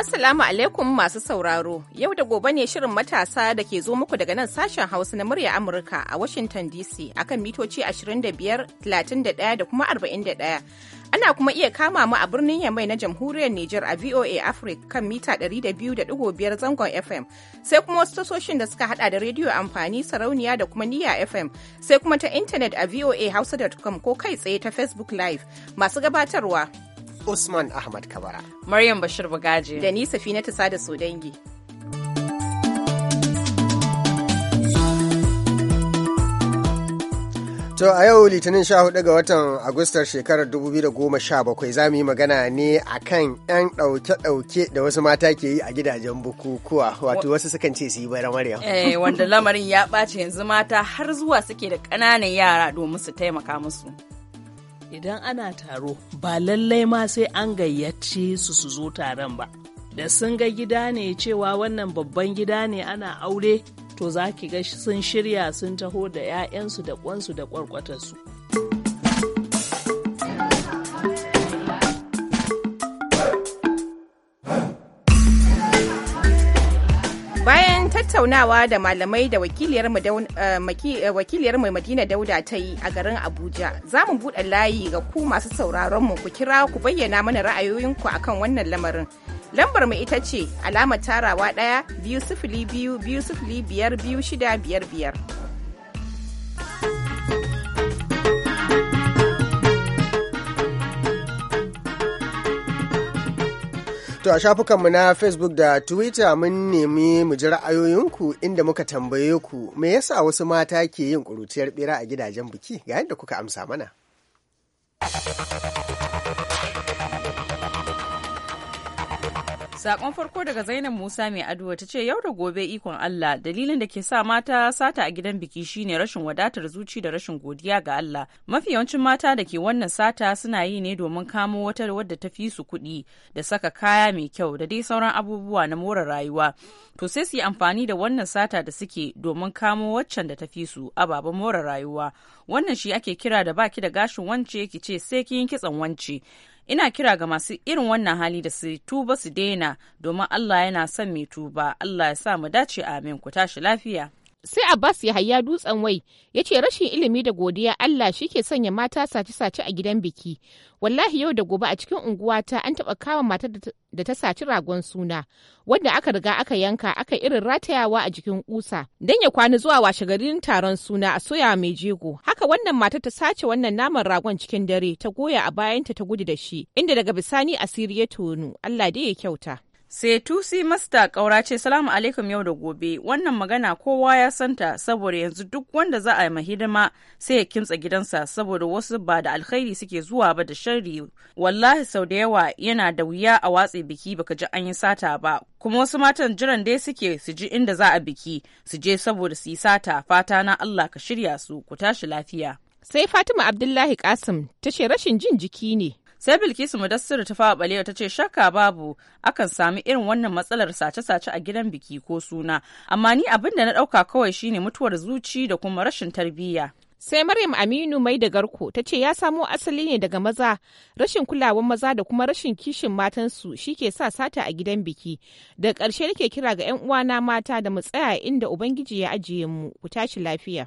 Assalamu alaikum masu sauraro, yau da gobe ne shirin matasa da ke zo muku daga nan sashen Hausa na murya Amurka a Washington DC akan mitoci 25, 31 da kuma 41. Ana kuma iya kama mu a birnin Yamai na Jamhuriyar Nijar a VOA Africa kan mita 200.5 zangon FM, sai kuma wasu tasoshin da suka hada da rediyo amfani sarauniya da kuma niya FM, sai kuma ta intanet a voahausa.com ko kai tsaye ta Facebook Live. Masu gabatarwa Usman Ahmad Kabara. Maryam Bashir Bugaji. Da ni Safina sada da Sodangi. To a yau litinin sha ga watan Agustar shekarar 2017 za mu yi magana ne a kan 'yan ɗauke-ɗauke da wasu mata ke yi a gidajen bukukuwa wato wasu sukan ce su yi bayan Eh wanda lamarin ya ɓace yanzu mata har zuwa suke da ƙananan yara domin su taimaka musu. idan ana taro ba lallai ma sai an gayyace su su zo taron ba da sun ga gida ne cewa wannan babban gida ne ana aure to za ki ga sun shirya sun taho da 'ya'yansu da kwansu da kwarkwatarsu bayan tattaunawa da malamai da wakiliyar eh, mai eh, madina dauda ta yi a garin abuja za mu buɗe layi ga ku masu sauraron mu ku kira ku bayyana mana ra'ayoyinku akan wannan lamarin lambar mu ita ce alama tarawa ɗaya biyu sifili biyu biyu sifili biyar biyu shida biyar biyar To a shafukanmu na Facebook da Twitter mun nemi mu ji ra'ayoyinku inda muka tambaye ku me yasa wasu mata ke yin ƙuruciyar bera a gidajen biki ga yadda kuka amsa mana. Sakon farko daga Zainab Musa mai aduwa ta ce yau da gobe ikon Allah dalilin da ke sa mata sata a gidan biki shine rashin wadatar zuci da rashin godiya ga Allah. Mafi yawancin mata da ke wannan sata suna yi ne domin kamo wata wadda ta fi su kuɗi da saka kaya mai kyau da dai sauran abubuwa na more rayuwa. To sai su yi amfani da wannan sata da suke domin kamo waccan da ta fi su ababen more rayuwa. Wannan shi ake kira da baki da gashin wance ki ce sai kin kitsan wance. ina kira ga masu irin wannan hali da su tuba su daina domin allah yana son mai tuba allah ya sa mu dace amin ku tashi lafiya sai abbas ya haya dutsen wai ya ce rashin ilimi da godiya allah shi ke sanya mata sace-sace a gidan biki wallahi yau da gobe a cikin unguwata an taɓa kama matar da ta saci ragon suna wanda aka riga aka yanka aka irin ratayawa a jikin kusa dan ya kwana zuwa washe garin taron suna a soya mai jego haka wannan matar ta sace wannan naman ragon cikin dare ta goya a bayanta ta gudu da shi inda daga bisani asiri ya tonu allah dai ya kyauta Setusi Masta Kaura ce salamu alaikum yau da gobe wannan magana kowa ya santa saboda yanzu duk wanda za a yi hidima sai ya kintsa gidansa saboda wasu ba da alkhairi suke zuwa ba da sharri wallahi sau da yawa yana da wuya a watse biki baka ji an yi sata ba kuma wasu matan jiran dai suke su ji inda za a biki su je saboda su yi sata fata na Allah ka shirya su ku tashi lafiya. Sai Fatima Abdullahi Kasim ta rashin jin jiki ne sai bilkisu mudassiru ta fawa balewa ta ce shakka babu akan sami irin wannan matsalar sace-sace a gidan biki ko suna amma ni abin da na ɗauka kawai shine mutuwar zuci da kuma rashin tarbiyya sai maryam aminu mai da garko ta ce ya samo asali ne daga maza rashin kulawan maza da kuma rashin kishin matansu shi ke sa sata a gidan biki da ƙarshe nake kira ga 'yan uwana mata da mu tsaya inda ubangiji ya ajiye mu ku tashi lafiya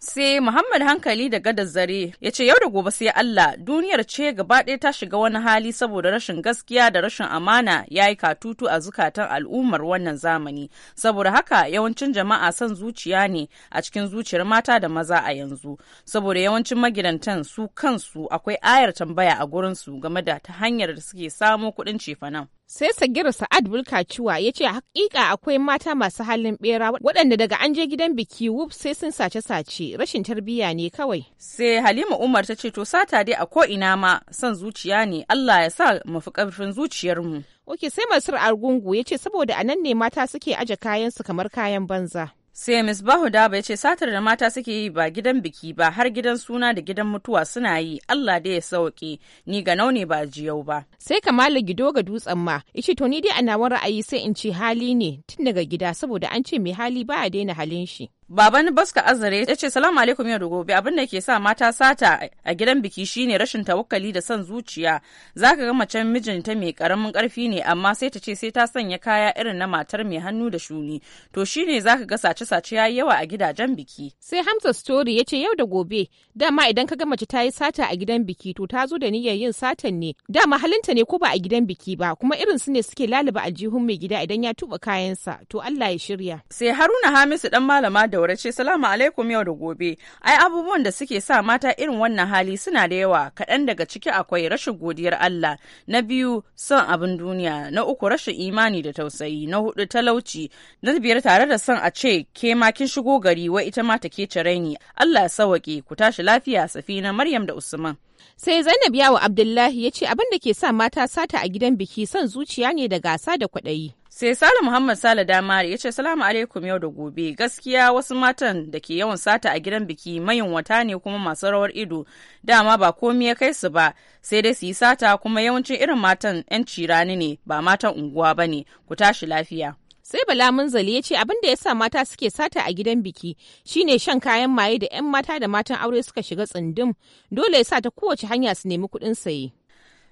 sai muhammad hankali da gadar zare ya ce yau da gobe sai allah duniyar ce gaba ɗaya ta shiga wani hali saboda rashin gaskiya da rashin amana ya yi katutu a zukatan al'ummar wannan zamani saboda haka yawancin jama'a son zuciya ne a cikin zuciyar mata da maza a yanzu saboda yawancin magidantan su kansu akwai ayar tambaya a gurinsu game da ta hanyar da suke samo kuɗin cefanan. sai sagira sa'ad bulkaciwa ya ce hakika akwai mata masu halin bera waɗanda daga an je gidan biki wuf sai sun sace-sace rashin tarbiyya ne kawai. Sai Halima Umar ta ce to sata dai a ko ina ma son zuciya ne Allah ya sa mafi ƙarfin zuciyarmu. Oke sai masar Argungu ya ce saboda a nan ne mata suke aje kayansu kamar kayan banza. sai ms bahudaba ya ce satar da mata suke yi ba gidan biki ba har gidan suna da gidan mutuwa suna yi allah dai ya sauke ni ga ne ba jiyau ba sai kamala gido ga dutsen ma ishi to ni dai a nawa ra'ayi sai in ce hali ne tun daga gida saboda an ce mai hali ba a daina halin shi Baban Baska Azare ya ce salamu alaikum yau da gobe abin da ke sa mata sata a gidan biki shine rashin tawakkali da son zuciya. Za ka ga macen mijinta mai karamin karfi ne amma sai ta ce sai ta sanya kaya irin na matar mai hannu da shuni. To shine za ka ga sace-sace yayi yawa a gidajen biki. Sai Hamza Story ya ce yau da gobe dama idan ka ga mace ta yi sata a gidan biki to ta zo da niyyar yin satan ne. Dama halinta ne ko ba a gidan biki ba kuma irin su ne suke lalaba aljihun mai gida idan ya tuba kayansa to Allah ya shirya. Sai Haruna Hamisu dan malama da Daura ce salamu alaikum yau da gobe. Ai abubuwan da suke sa mata irin wannan hali suna da yawa kaɗan daga ciki akwai rashin godiyar Allah, na biyu son abin duniya, na uku rashin imani da tausayi, na hudu talauci, na biyar tare da son a ce ke ma kin shigo gari wa ita ma ta ke raini. Allah sawaƙe ku tashi lafiya Safina Maryam da Usman. Sai Zainab Yawo Abdullahi ya ce abin da ke sa mata sata a gidan biki son zuciya ne da gasa da kwaɗayi. Sai Sale Muhammad Sale Damari ya ce salamu alaikum yau da gobe gaskiya wasu matan da ke yawan sata a gidan biki wata ne kuma masu rawar ido dama ba komi ya kai su ba sai dai su yi sata kuma yawancin irin matan 'yan cirani ne ba matan unguwa ba ne ku tashi lafiya. sai bala munzali ya ce abin da ya sa mata suke sata a gidan biki shine shan kayan maye da 'yan mata da matan aure suka shiga tsindin dole ya sa ta kowace hanya su nemi kuɗin saye.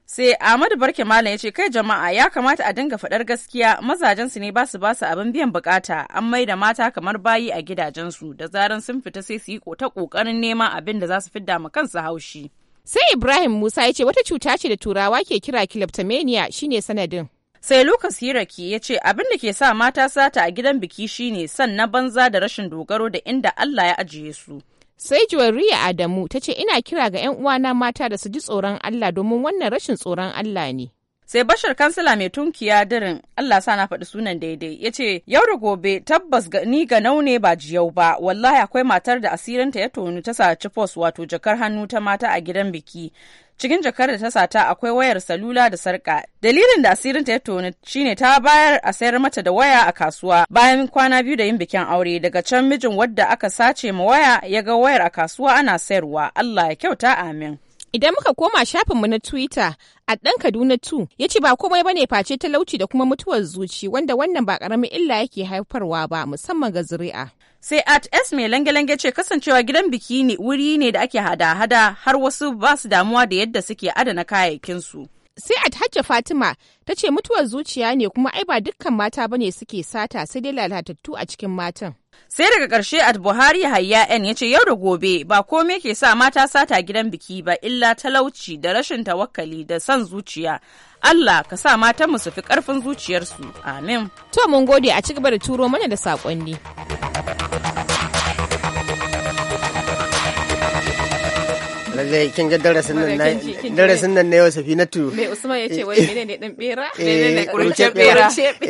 sai ahmadu barke malam ya ce kai jama'a ya kamata a dinga faɗar gaskiya mazajensu ne ba su ba su abin biyan bukata an mai da mata kamar bayi a gidajensu da zaran sun fita sai su yi ta kokarin neman abin da za su fidda ma kansu haushi sai ibrahim musa ya ce wata cuta ce da turawa ke kira kleptomania shine sanadin sai lucas hiraki ya ce abin da ke sa mata sata a gidan biki shine san na banza da rashin dogaro da inda allah ya ajiye su Sai Juwariya Adamu ta ce ina kira ga 'yan uwana mata da su ji tsoron Allah domin wannan rashin tsoron Allah ne. sai bashar kansila mai tunkiya dirin Allah sa na faɗi sunan daidai ya ce yau da gobe tabbas ni ga naune ba jiyau ba wallahi akwai matar da asirinta ya tonu ta saci fos wato jakar hannu ta mata a gidan biki cikin jakar da ta sata akwai wayar salula da sarka dalilin da asirinta ya toni shine ta bayar a sayar mata da waya a kasuwa bayan kwana biyu da yin bikin aure daga can mijin wadda aka sace ma waya ya ga wayar a kasuwa ana sayarwa Allah ya kyauta amin Idan muka koma shafinmu na Twitter, a ɗan Kaduna 2 ya ce ba komai bane face talauci da kuma mutuwar zuci wanda wannan ba ƙaramin illa yake haifarwa ba musamman ga zuri'a. Sai at S mai lange-lange ce kasancewa gidan biki ne wuri ne da ake hada-hada har wasu ba su damuwa da yadda suke adana kayayyakin su. Sai at Hajja Fatima ta ce mutuwar zuciya ne kuma ai ba dukkan mata bane suke sata sai dai lalatattu a cikin matan. Sai daga ƙarshe at Buhari Hayya N ya ce yau da gobe ba kome ke sa mata sata gidan biki ba illa talauci da rashin tawakkali da son zuciya. Allah ka sa mu su fi ƙarfin zuciyarsu. Amin. To mun gode a ci gaba da turo mana da saƙonni. lallai kin ga darasin nan darasin nan na yau safinatu me usman ce wai eh, menene dan bera eh, menene kurce eh, bera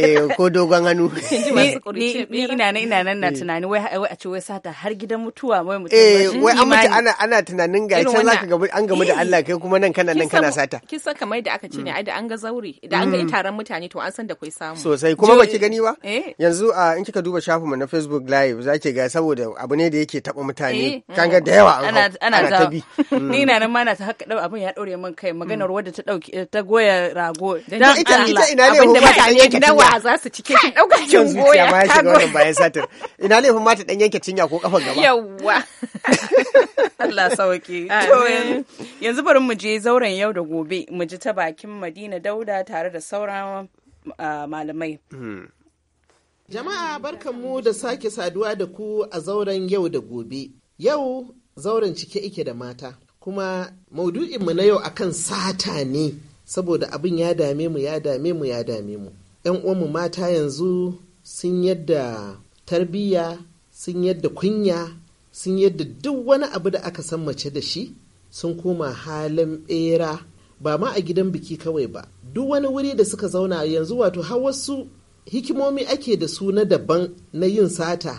eh ko dogon hannu ni ina nan ina nan na tunani wai wai a ce wai sata har gidan mutuwa wai mutum eh wai an mutu ana ana tunanin ga can zaka ga an gamu da Allah kai kuma nan kana nan kana sata kin san kamar da aka ce ne mm. ai da an ga zauri da an ga mm. taron mutane to an san da kai samu sosai kuma baki gani ba yanzu ah, in kika duba shafinmu na Facebook live ki ga saboda abu ne da yake taba mutane kan ga da yawa ana ta bi Mm. ni na nan ma na ta haka dau abin ya daure min kai maganar wadda ta dauki eh, ta goya rago dan ita ita ina ne abinda mutane gidan wa za su cike kin dauka kin goya ba shi shiga wannan bayan satir ina ne laifin mata dan yanke cinya ko kafan gaba yawa Allah sauki to yanzu bari mu je zauren yau da gobe mu ji ta bakin Madina Dauda tare da sauran ah, malamai hmm. Jama'a barkanmu da sake saduwa da ku a zauren yau da gobe. Yau zauren cike ike da mata. kuma maudu'inmu na yau akan sata ne saboda abin ya dame mu ya dame mu ya dame mu yan uwanmu mata yanzu sun yadda tarbiyya sun yadda kunya sun yadda duk wani abu da aka san mace da shi sun koma halin bera ba ma a gidan biki kawai ba duk wani wuri da suka zauna yanzu wato har wasu hikimomi ake da su na daban na yin sata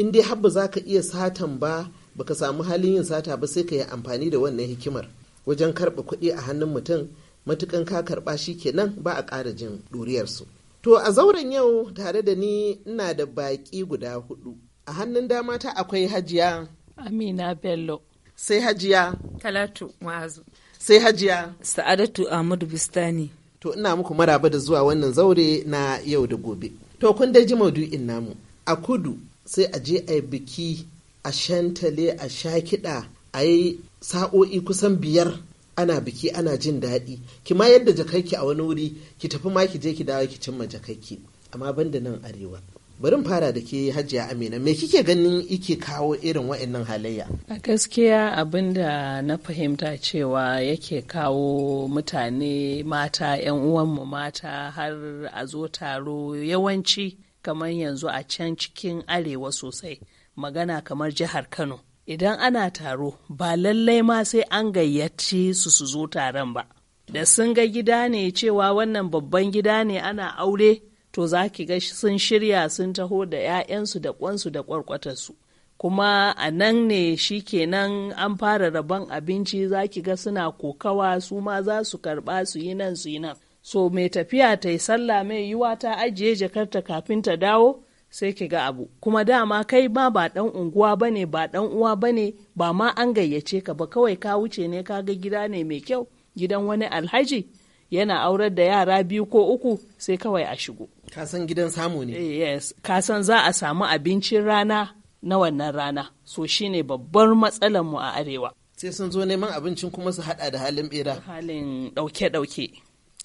in dai ba za ka iya satan ba baka samu halin yin sata ba sai ka yi amfani da wannan hikimar wajen karɓa kuɗi a hannun mutum matukan ka karɓa shi kenan ba a ƙara jin ɗuriyarsu. To a zauren yau tare da ni ina da baƙi guda hudu. A hannun dama ta akwai hajiya. Amina Bello. Sai hajiya. Talatu Ma'azu. Sai hajiya. Sa'adatu Ahmadu Bistani. To ina muku maraba da zuwa wannan zaure na yau da gobe. To kun dai ji maudu'in namu. A kudu sai a je a yi biki a shantale a sha kiɗa a yi sa'o'i kusan biyar ana biki ana jin daɗi ki ma yadda jakakki a wani wuri ki tafi ma ki je ki dawo ki cimma jakakki amma banda nan arewa bari in fara da ke hajiya amina me kike ganin ike kawo irin wa'annan halayya a gaskiya abin da na fahimta cewa yake kawo mutane mata 'yan uwanmu mata har a zo taro yawanci kamar yanzu a can cikin arewa sosai magana kamar jihar Kano. Idan ana taro ba lallai ma sai an gayyace su su zo taron ba. Da sun ga gida ne cewa wannan babban gida ne ana aure to za ki ga sun shirya sun taho da 'ya'yansu da ƙwansu da ƙwarƙwatarsu. kuma a nan ne shi kenan an fara rabon abinci za ki ga suna kokawa su ma za su karɓa su yi nan su yi nan so mai tafiya ta yi sallah mai yiwa ta ajiye jakarta kafin ta dawo sai ki ga abu kuma dama kai ma ba dan unguwa bane ba dan uwa bane ba ma an gayyace ka ba kawai ka wuce ne ka ga gida ne mai kyau gidan wani alhaji yana aurar da yara biyu ko uku sai kawai a shigo kasan gidan samu ne eh, yes kasan za a samu abincin rana na wannan rana so shine babbar matsalar mu a arewa sai sun zo neman abincin kuma su hada da halin bera halin dauke dauke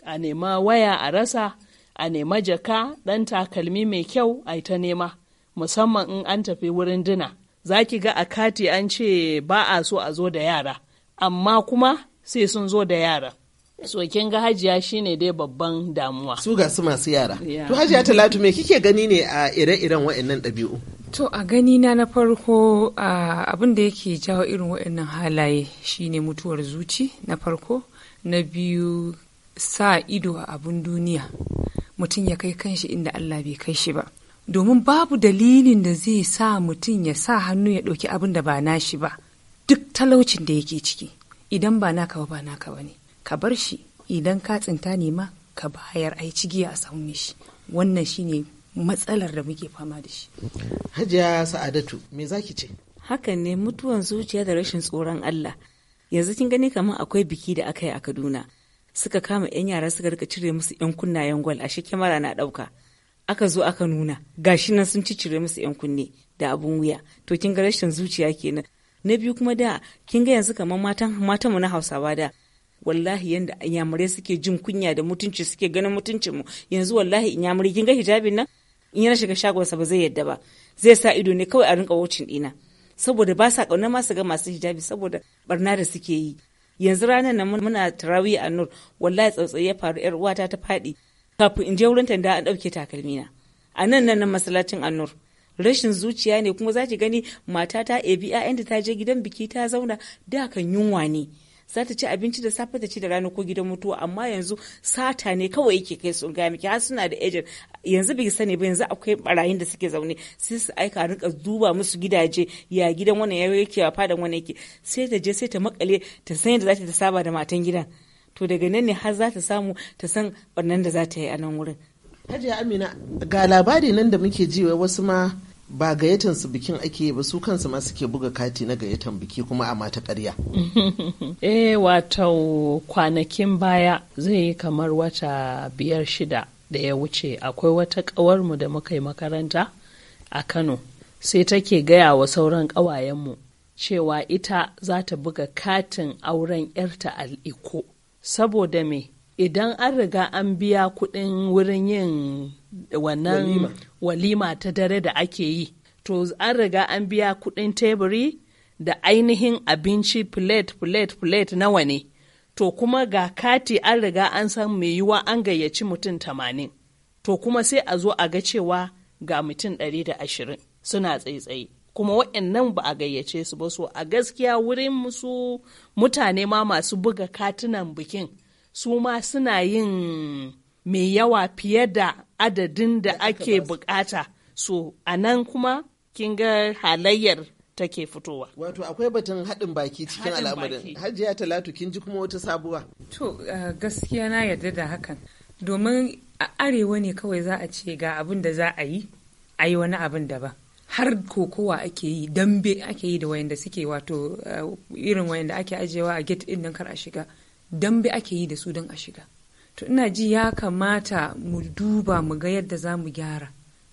a nema waya a rasa a nema jaka ɗan takalmi mai kyau a yi ta nema musamman in an tafi wurin dina za ki ga a kati an ce ba a so a zo da yara amma kuma sai sun zo da yara so kin ga hajiya shine dai babban damuwa su ga su masu yara to hajiya talatu me kike gani ne a ire-iren waɗannan ɗabi'u to a gani na na farko abin da yake jawo irin waɗannan halaye shine mutuwar zuci na farko na biyu sa ido a abun duniya mutum ya kai kanshi inda Allah bai kai shi ba domin babu dalilin da zai sa mutum ya sa hannu ya ɗauki abin da ba shi ba duk talaucin da yake ciki idan ba naka ba ba naka ba ne ka bar shi idan ka tsinta ne ma ka bayar a yi a samu shi wannan shi ne matsalar da muke fama da shi hajiya sa'adatu me za ki ce hakan ne mutuwan zuciya da rashin tsoron Allah yanzu kin gani kamar akwai biki da aka yi a Kaduna suka kama 'yan yara suka rika cire musu 'yan kunnayen gwal ashe kyamara na ɗauka aka zo aka nuna gashi nan sun cire musu 'yan kunne da abun wuya to kin ga rashin zuciya kenan na biyu kuma da kin ga yanzu kamar matan matan mu na Hausawa da wallahi yanda inyamurai suke jin kunya da mutunci suke ganin mutuncin mu yanzu wallahi inyamurai kin ga hijabin nan in ya shiga shagon sa ba zai yadda ba zai sa ido ne kawai a rinka wucin dina saboda ba sa kauna ma su ga masu hijabi saboda barna da suke yi yanzu ranar nan muna tarawi a nur wallahi tsautsayi ya faru yar uwata ta faɗi kafin in je wurin tanda an ɗauke takalmina a nan nan nan masallacin annur rashin zuciya ne kuma zaki gani mata ta ebi 'ya'yanta ta je gidan biki ta zauna da kan yunwa ne za ta ci abinci da safe ta ci da rana ko gidan mutuwa amma yanzu sata ne kawai yake kai sun gaya miki har suna da agent yanzu bai sani ba yanzu akwai barayin da suke zaune sai su aika rika duba musu gidaje ya gidan wannan ya yake ya fadan wannan yake sai ta je sai ta makale ta san yadda za ta saba da matan gidan to daga nan ne har za ta samu ta san barnan da za ta yi a nan wurin Hajiya Amina ga labari nan da muke ji wasu ma ba gayyatan su bikin ake ba su kansu ma suke buga kati na gayyatan biki kuma a mata karya. eh wato kwanakin baya zai yi kamar wata biyar shida da ya wuce akwai wata ƙawarmu da muka yi makaranta a Kano sai take gaya wa sauran ƙawayenmu cewa ita za ta buga katin auren 'yarta al'iko saboda me idan an riga an biya kuɗin wurin yin wannan walima ta dare da ake yi to an riga an biya kuɗin teburi da ainihin abinci plate plate plate nawa ne to kuma ga kati an riga an san mai yiwa an gayyaci mutum tamanin to kuma sai a zo a ga cewa ga mutum ɗari da ashirin suna tsaitsaye kuma nan ba a gayyace su ba so a gaskiya wurin musu mutane ma masu buga katunan bikin su ma suna yin mai yawa fiye da adadin da ake bukata so a nan kuma kin ga halayyar take fitowa. Wato akwai batun haɗin baki cikin al'amarin. Hajiya Talatu kin ji kuma wata sabuwa. To uh, gaskiya na yarda da hakan. Domin a arewa ne kawai za a ce ga abin da za a yi, a yi wani abin ba Har kokowa ake yi, dambe ake yi da wayanda suke wato uh, irin wayanda ake ajiyewa a gate ɗin nan kar a shiga. dambe ake yi da su don a shiga to ina ji ya kamata mu duba mu ga yadda za mu gyara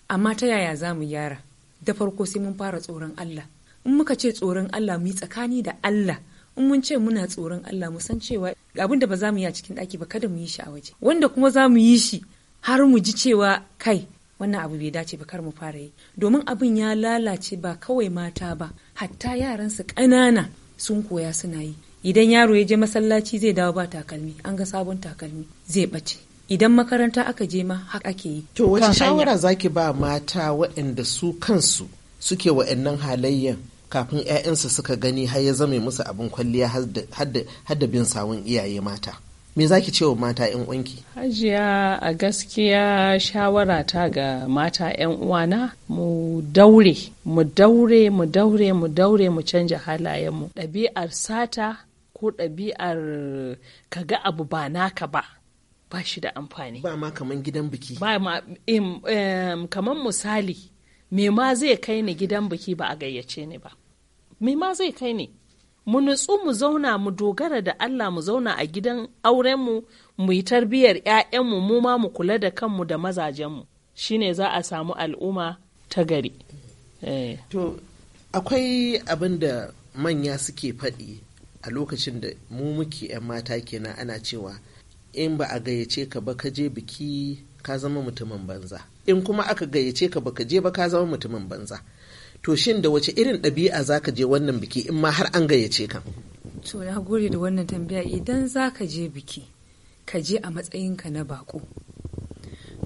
amma ta yaya za mu gyara da farko sai mun fara tsoron Allah in muka ce tsoron Allah mu yi tsakani da Allah in mun ce muna tsoron Allah mu san cewa abin da ba za mu yi a cikin ɗaki ba kada mu yi shi a waje wanda kuma za mu yi shi har mu ji cewa kai wannan abu bai dace ba kar mu fara yi domin abin ya lalace ba kawai mata ba hatta yaransu ƙanana sun koya suna yi idan yaro ya je masallaci zai dawo ba takalmi an ga sabon takalmi zai ɓace idan makaranta aka je ma haka ake yi to wace shawara zaki ba mata waɗanda su kansu suke waɗannan halayyan kafin 'ya'yansu suka gani har ya zame musu abin kwalliya har da bin sawun iyaye mata me zaki ce wa mata 'yan uwanki hajiya a gaskiya shawara ta ga mata 'yan uwana mu daure mu daure mu daure mu daure mu canja mu. ɗabi'ar sata ko ɗabi'ar ka ga abu ba naka ba ba shi da amfani ba ma kaman gidan biki ba ma kaman misali me ma zai kai ni gidan biki ba a gayyace ni ba me ma zai kai ni mu nutsu mu zauna mu dogara da Allah mu zauna a gidan auren mu yi tarbiyar 'ya'yanmu mu ma mu kula da kanmu da mazajenmu shine za a samu al'umma ta gari. Eh. To akwai abinda manya suke faɗi a lokacin da mu muke 'yan mata kenan ana cewa in ba a gayyace ka ba ka je biki ka zama mutumin banza in kuma aka gayyace ka ba ka je ba ka zama mutumin banza to shin da wace irin ɗabi'a za ka je wannan biki in ma har an gayyace ka to na gode da wannan tambaya idan za ka je biki ka je a matsayinka na baƙo,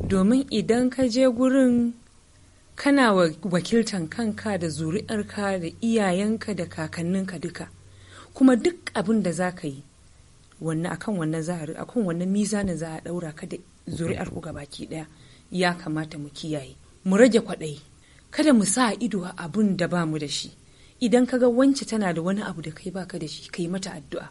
domin idan ka je gurin kana wakiltan kanka da zuri'arka da iyayenka da kakanninka duka kuma duk abin da za ka yi wannan akan wannan a kan wannan mizanin za a daura ka da zuri'ar ku baki daya ya kamata mu kiyaye mu rage kwaɗayi kada mu sa ido a abin da ba mu da shi idan ka ga wance tana da wani abu da kai baka da shi kai mata addu'a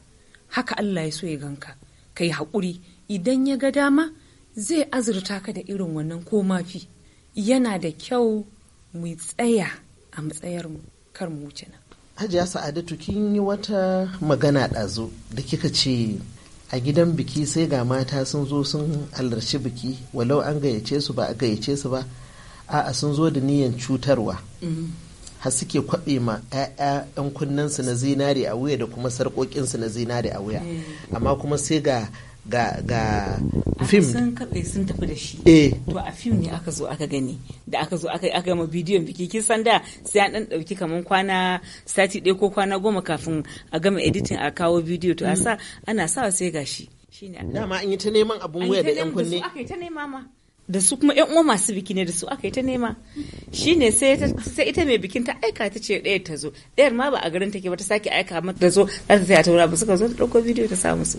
haka Allah ya so ya ganka kai haƙuri idan ya ga dama zai azurta ka da irin wannan ko mafi yana da kyau mu tsaya a matsayar mu kar mu wuce nan hajiya sa'adatu kin yi wata magana ɗazu da kika ce a gidan biki sai ga mata sun zo sun halarci biki walau an gayyace su ba a gayyace su ba a'a sun zo da niyan cutarwa mm-hmm. har suke kwaɓe ma 'ya'ya 'yan kunnensu na zinare a wuya da kuma sarƙoƙinsu na zinare a wuya eh. amma kuma sai ga ga ga film sun kabe sun tafi da shi eh to a film ne aka zo aka gani da aka zo aka aka ma bidiyon biki kin san da sai an dan dauki kaman kwana sati ɗaya ko kwana goma kafin a gama editing a kawo bidiyo to a hmm. sa ana sawa sai gashi shine dama an yi ta neman abun waya da yan kunne aka yi ta nema ma da su kuma yan uwa masu biki ne da su aka yi ta nema shine sai sai ita mai bikin ta aika ta ce ɗaya ta zo ɗayar ma ba a garin ta ke ba ta sake aika mata da zo za ta tsaya ta wura ba suka zo ta ɗauko bidiyo ta samu su.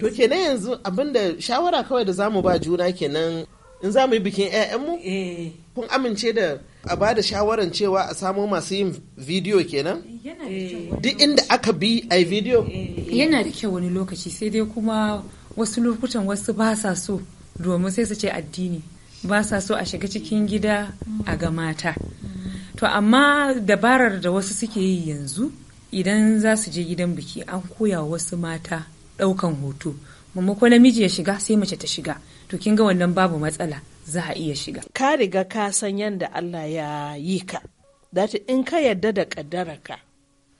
to kenan yanzu abinda shawara kawai da zamu ba juna kenan in za mu yi bikin 'ya'yanmu eh. kun amince da a ba da shawaran cewa a samo masu yin bidiyo kenan eh. duk inda aka bi a bidiyo eh. yana da kyau wani lokaci sai dai kuma wasu lokutan wasu ba sa so domin sai su ce addini ba sa so a shiga cikin gida a ga mata to amma dabarar da wasu suke yi yanzu idan za su je gidan biki an koya wasu mata ɗaukan hoto maimako namiji ya shiga sai mace ta shiga to kin ga wannan babu matsala za a iya shiga ka riga ka san yadda Allah ya yi ka dati in ka yarda da ka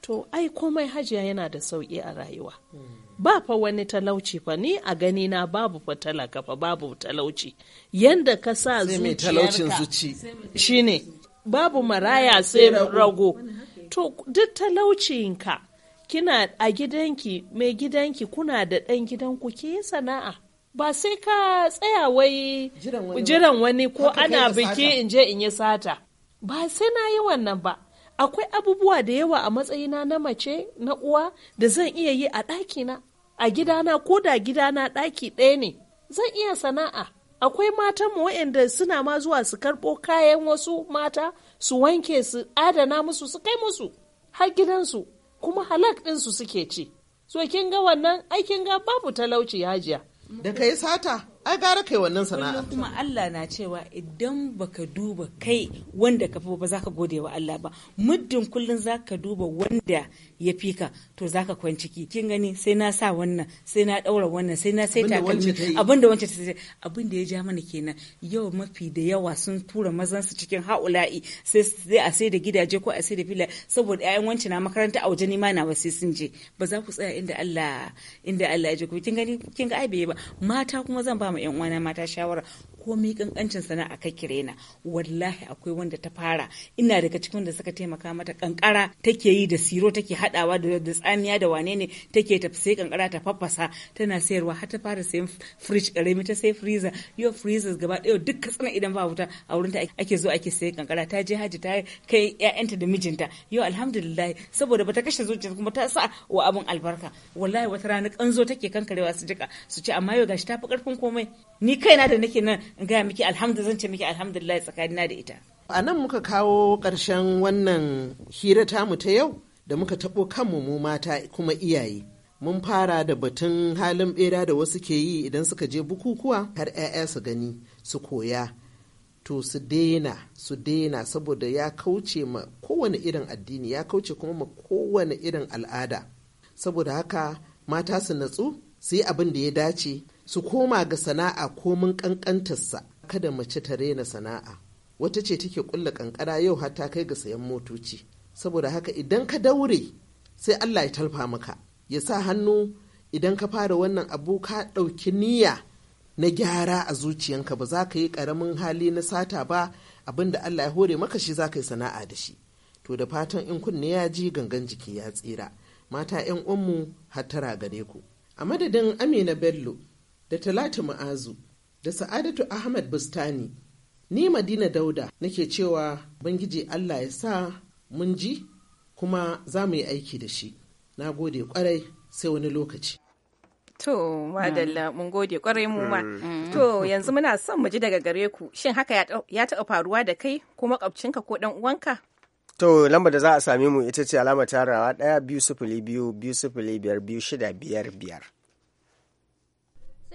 to ai komai hajiya yana da sauki a rayuwa hmm. ba fa wani talauci fa ni a gani na babu fa talaka fa babu talauci yanda ka sa zuciyarka shine babu maraya sai rago to duk talaucinka kina a gidanki mai gidanki kuna da ɗan gidanku ke sana'a ba sai ka tsaya wai jiran wani ko ana biki in je in yi sata ba sai na yi wannan ba akwai abubuwa da yawa a matsayina na mace na uwa da zan iya yi a ɗakina a gidana ko da gidana ɗaki ɗaya ne zan iya sana'a akwai matan mu waɗanda suna ma zuwa su karɓo kayan wasu mata su wanke su adana musu su kai musu har gidansu kuma halak ɗinsu suke ci so kin ga wannan aikin ga babu talauci hajiya da kai sata ai gara kai wannan sana'a kuma Allah na cewa idan baka duba kai wanda ka fi ba zaka gode wa Allah ba muddin kullun zaka duba wanda ya fi ka to zaka kwanciki kin gani sai na sa wannan sai na daura wannan sai na sai takalmi abinda wancan ta abin da ya ja mana kenan yau mafi da yawa sun tura mazan su cikin haula'i sai sai a sai da gidaje ko a sai da fila saboda ƴaƴan wancan na makaranta a waje ni ma na sai sun je ba za ku tsaya inda Allah inda Allah ya je ku kin gani kin ga ai ba mata kuma zan ba mu yan uwana mata shawara komai kankancin sana'a ka na wallahi akwai wanda ta fara ina daga cikin da suka taimaka mata kankara take yi da siro take hadawa da tsamiya da wane ne take sai kankara ta faffasa tana sayarwa har ta fara sayan fridge karami ta sai freezer yo freezers gaba ɗaya duk katsina idan ba wuta a wurin ta ake zo ake sayan kankara ta je haji ta kai ƴaƴanta da mijinta yau alhamdulillah saboda bata kashe zuciya kuma ta sa wa abun albarka wallahi wata rana kanzo take kankarewa su jika su ce amma yau gashi ta fi karfin komai ni kaina da nake nan in gaya miki alhamdu zan ce miki alhamdulillah tsakanina da ita a nan muka kawo ƙarshen wannan hira tamu ta yau da muka taɓo kanmu mu mata kuma iyaye mun fara da batun halin bera da wasu ke yi idan suka je bukukuwa har 'ya'ya su gani su koya to su daina su daina saboda ya kauce ma kowane irin addini ya kauce kuma ma kowane irin al'ada saboda haka mata su natsu su yi abin da ya dace su koma ga sana'a ko mun ƙanƙantarsa, kada mace ta rena sana'a wata ce take ƙulla ƙanƙara yau har ta kai ga sayan motoci saboda haka idan ka daure sai Allah ya talfa maka ya sa hannu idan ka fara wannan abu ka ɗauki niyya na gyara a zuciyanka ba za ka yi ƙaramin hali na sata ba abin da Allah ya hore maka shi za ka yi sana'a da shi to da fatan in kunne ya ji gangan jiki ya tsira mata 'yan uwanmu hattara gare ku a madadin amina bello da Talatu Ma'azu da Sa'adatu Ahmad Bustani. Ni Madina Dauda nake cewa Bangiji Allah ya sa mun ji kuma za mu yi aiki da shi. Na gode kwarai sai wani lokaci. To, madalla mun gode kwarai mu ma. Mm. Mm. To, yanzu muna son mu ji daga gare ku. Shin haka ya taɓa faruwa da kai ko ƙabcinka ko ɗan uwanka? To, lambar da za a same mu ita ce alamar tarawa ɗaya biyu sifili biyu biyu sifili biyar biyu shida biyar biyar.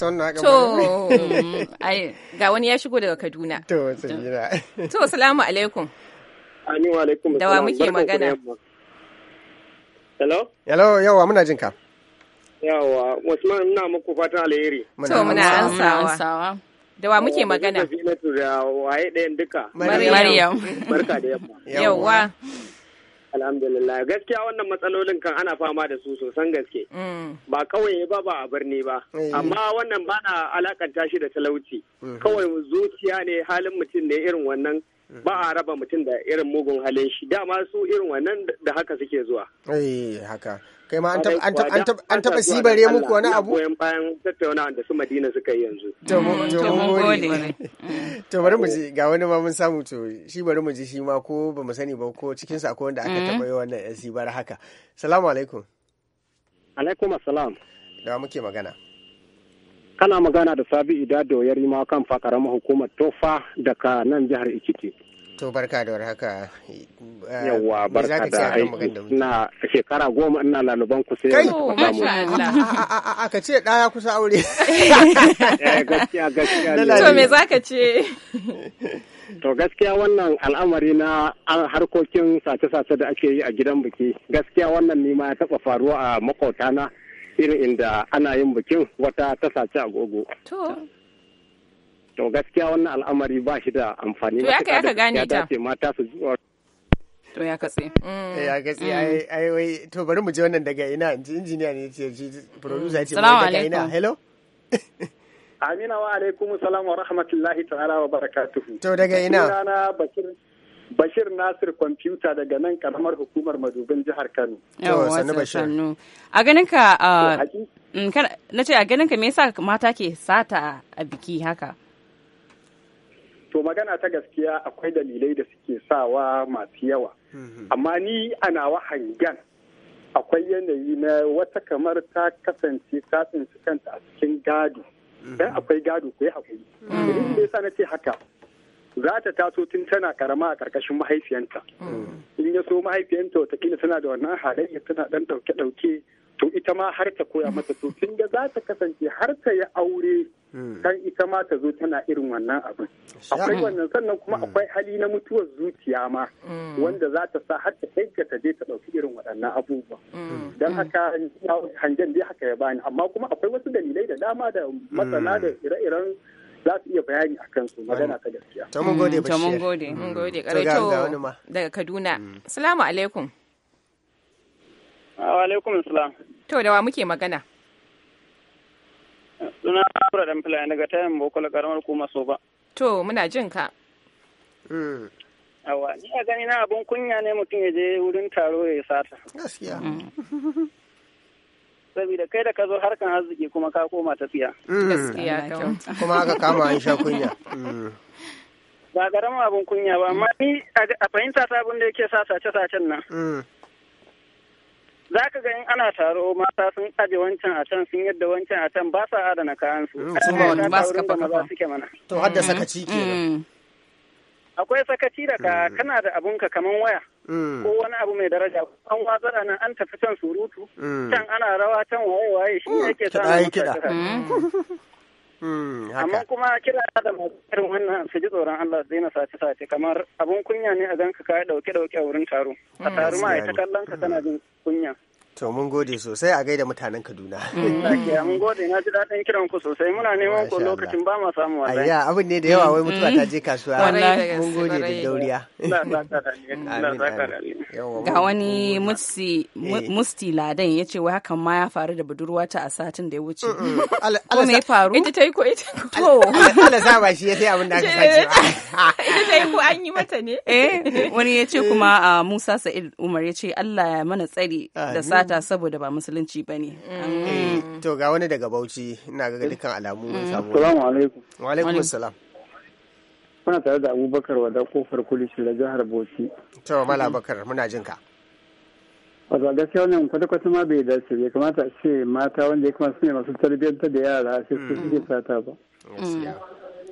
masa wannan haka To, mm, ai, ga wani ya shigo daga Kaduna. To, tsira. To, salamu alaikum. Ani alaikum. Dawa muke magana. Hello? Hello, yawa muna jinka. Yawa, Usman ina muku fatan alheri. To, muna ansawa. Dawa muke magana. Zafinatu da waye ɗayan duka. Maryam. Barka da yamma. Yawa. Alhamdulillah gaskiya wannan matsalolin kan ana fama da su sosan gaske. Mm. Ba kawai ba ba a birni ba. Eh. Amma wannan ba na alakanta shi da talauci. Mm-hmm. Kawai zuciya ne halin mutum ne irin wannan mm. ba a raba mutum da irin mugun halin shi dama su irin wannan da haka suke zuwa. Eh, haka. kai ma an taba sibare muku wani abu goyon bayan tattaunawa da su madina suka yi yanzu to mun to bari mu ji ga wani ma mun samu to shi bari mu ji shi ma ko ba mu sani ba ko cikin sa akwai wanda aka mm. taba yi wannan sibar haka salamu alaikum alaikum assalam da muke magana kana magana da sabi idado ya ma kan fakarar hukumar tofa daga nan jihar ikiti To barka da warhaka. Eh, Yawwa barka da Na shekara goma ina laluban ku sai ku samu. A ka ce ɗaya kusa aure. Eh, gaskiya gaskiya. To me zaka ce? To gaskiya wannan al'amari na harkokin sace-sace da ake yi a gidan biki. Gaskiya wannan nima ya taɓa faruwa a makotana irin inda ana yin bikin wata ta sace agogo. To. to gaskiya wannan al'amari ba shi da amfani to ya ka gane ta mata su to ya katse mm. eh, ya katse mm. ai wai to bari mu je wannan daga ina injiniya ne ce shi producer ce daga ina hello Amina wa alaikum salam wa rahmatullahi ta'ala wa barakatuhu. To daga ina? Sunana Bashir Bashir Nasir kwamfuta daga nan karamar hukumar Madubin jihar Kano. Yawa sannu Bashir. A ganin uh, mm, ka na ce a ganin ka me yasa mata ke sata a biki haka? to magana ta gaskiya akwai dalilai da suke sawa masu yawa mhm. amma ni a nawa hangen akwai yanayi na wata kamar ta kasance ta tsinci kanta a cikin gado mhm. dan akwai gado ko akwai hakuri idan mhm. da yasa na ce haka za ta taso tun tana karama a karkashin mahaifiyanta in ya so mahaifiyanta watakila tana da wannan halayya tana dan dauke dauke to ita ma har ta koya mata to kin ga za ta kasance har ta yi aure ita ma ta zo tana irin wannan abin akwai wannan sannan kuma mm. akwai hali na mutuwar zuciya ma mm. wanda za ta sa har ta kai ta je ta ɗauki irin waɗannan abubuwa mm. don haka hangen dai haka ya bani amma kuma akwai wasu dalilai da dama da masana da ire-iren za su iya bayani a kansu magana ta gaskiya. Ta mun gode Bashir. Ta mun gode. Mun gode. daga Kaduna. Salamu alaikum. Wa alaikum salam. To da wa muke magana? Suna Kura dan filaye daga tayin Bokola karamar kuma so ba. To muna jin ka. Hmm. Awa, ni a gani na abun kunya ne mutum ya je wurin taro ya sata. Gaskiya. Mm. Saboda kai da ka zo harkan arziki kuma ka koma tafiya. Hmm. Gaskiya Kuma aka kama an sha kunya. Hmm. Ba karamar abun kunya ba, amma ni a fahimta ta abin da yake sa sace-sacen nan. za ka ga in ana taro mata sun aje wancan a can sun yadda wancan a can ba sa adana kayan su. ba su kafa kafa. To mm. sakaci ke. Mm. Akwai sakaci da ka mm. kana da abun ka kaman waya. Ko wani abu mai daraja an watsar nan an tafi can surutu. Can ana rawa can waye waye shi ne ke sa. yi Mm, amma kuma kira da masu irin wannan su ji tsoron Allah zai na sace sace kamar abun kunya ne a ganka ka dauke dauke a wurin taro mm, a taro ma ita kallon ka tana jin kunya To mun gode sosai a gaida mutanen Kaduna. Mm. Mun gode na ji daɗin kiran ku sosai muna neman ku lokacin ba ma samu wannan. Ayya abin ne da yawa wai mutuwa ta je kasuwa. Mm. Mun gode da dauriya. Ga wani musti ladan ya ce wai hakan ma ya faru da budurwata a satin da ya wuce. Ko me ya faru? Ita ta yi ko ita ko. Allah sa ba shi ya sai abin da aka sace ba. Eh. Ita ta yi ko an yi mata ne. Eh wani ya ce kuma ah, Musa Sa'id Umar ya ce Allah ya mana tsari da sa bukata saboda ba musulunci ba ne. Mm. Eh, to ga wani daga Bauchi ina ga dukkan alamu mun mm. samu. Assalamu alaikum. Wa alaikum assalam. Muna tare da Abubakar Wada kofar kulishi da jihar Bauchi. To Mala Bakar muna jin ka. Wato gaskiya wannan kwata-kwata ma bai dace bai kamata a ce mata wanda ya kuma su ne masu ta da yara sai su mm. suke sata ba.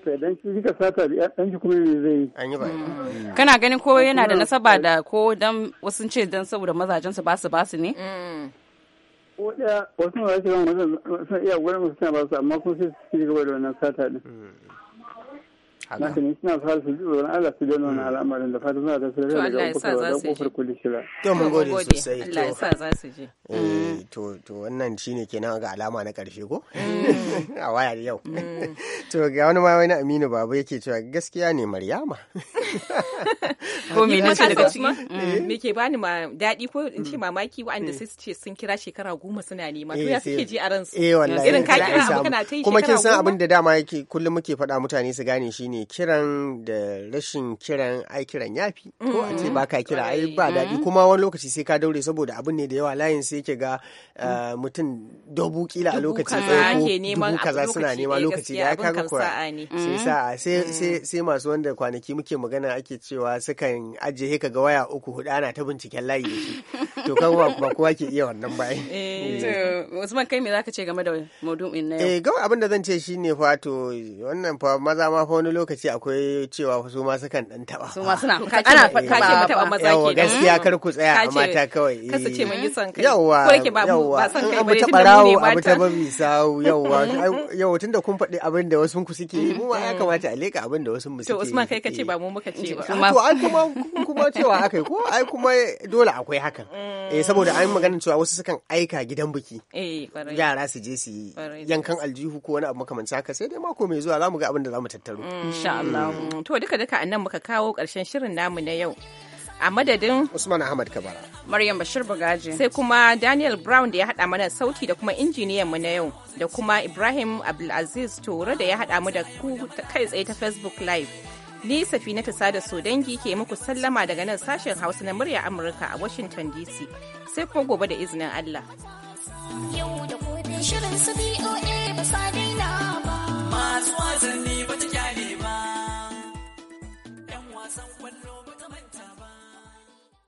kika sata da kuma zai an yi ba mm. kana ganin ko yana da nasaba da ko dan wasu ce dan saboda mazajen su ba su ba su ne mm. ko da wasu mazajen su iya gurin su ba su amma kuma sai su ci gaba da wannan sata din mm. haka ne suna fara su tsoron Allah su gano wani al'amarin da fata suna da su daga daga kofar wadda kofar kuli shira. To mun gode sosai. Allah ya sa za su je. Eh, hmm. To to wannan ne kenan ga alama na karshe ko? Hmm. A wayar yau. Hmm. To ga wani ma wani Aminu Babu yake cewa gaskiya ne Maryama. Ko me nace daga ciki? Eh. Me ke bani ma daɗi ko in ce mamaki waɗanda sai su ce sun kira shekara goma suna nema. To eh, ya suke ji a ransu. Eh wallahi. Irin ka kira abu kana ta yi shekara goma. Kuma kin san abin da dama yake kullum muke faɗa mutane su gane shi ne. mai kiran da rashin kiran ai kiran yafi ko a ce mm-hmm. ba ka kira ai ba daɗi mm-hmm. kuma wani lokaci sai ka daure saboda abin ne da yawa layin sai ke ga eh, mm-hmm. mutum dubu kila a lokaci ɗaya ko dubu kaza suna nema lokaci da ya kaga kura sai sa sai masu wanda kwanaki muke magana ake cewa sukan ajiye ka ga waya uku hudu ana ta binciken layi da shi to kan ba kowa ke iya wannan ba eh, eh. Usman kai me zaka ce game da maudu'in na yau eh ga abin da zan ce shine fa to wannan fa maza ma fa wani lokaci lokaci akwai cewa su ma sukan dan taba su ma suna ana kace ba taba maza ke gaskiya kar ku tsaya a mata kawai kasu ce mun yi son kai yawa ko yake ba ba son kai bare tunda mu a mata abu ta sau sawu yawa yawa tunda kun faɗi abin da wasu ku suke mu ma ya kamata a leka abin da wasu mu suke to Usman kai kace ba mu muka ce ba to ai kuma kuma cewa akai ko ai kuma dole akwai hakan mm. eh saboda an magana cewa wasu sukan aika gidan biki eh yara su je su yankan aljihu ko wani abu makamancin haka sai dai mako mai zuwa zamu ga abin da zamu tattaro mm. insha mm. Allah to duka duka a nan muka kawo ƙarshen shirin namu na yau a madadin Usman Ahmad Kabara Maryam Bashir Bagaji sai kuma Daniel Brown da ya haɗa mana sauti da kuma injiniyan mu na yau da kuma Ibrahim Abdulaziz Tore da ya haɗa mu da ku kai tsaye ta Facebook Live ni safina ta sada dangi ke muku sallama daga nan sashen hausa na murya amurka a washington dc sai kuma gobe da izinin allah yau shirin su ba sa daina ba masu ba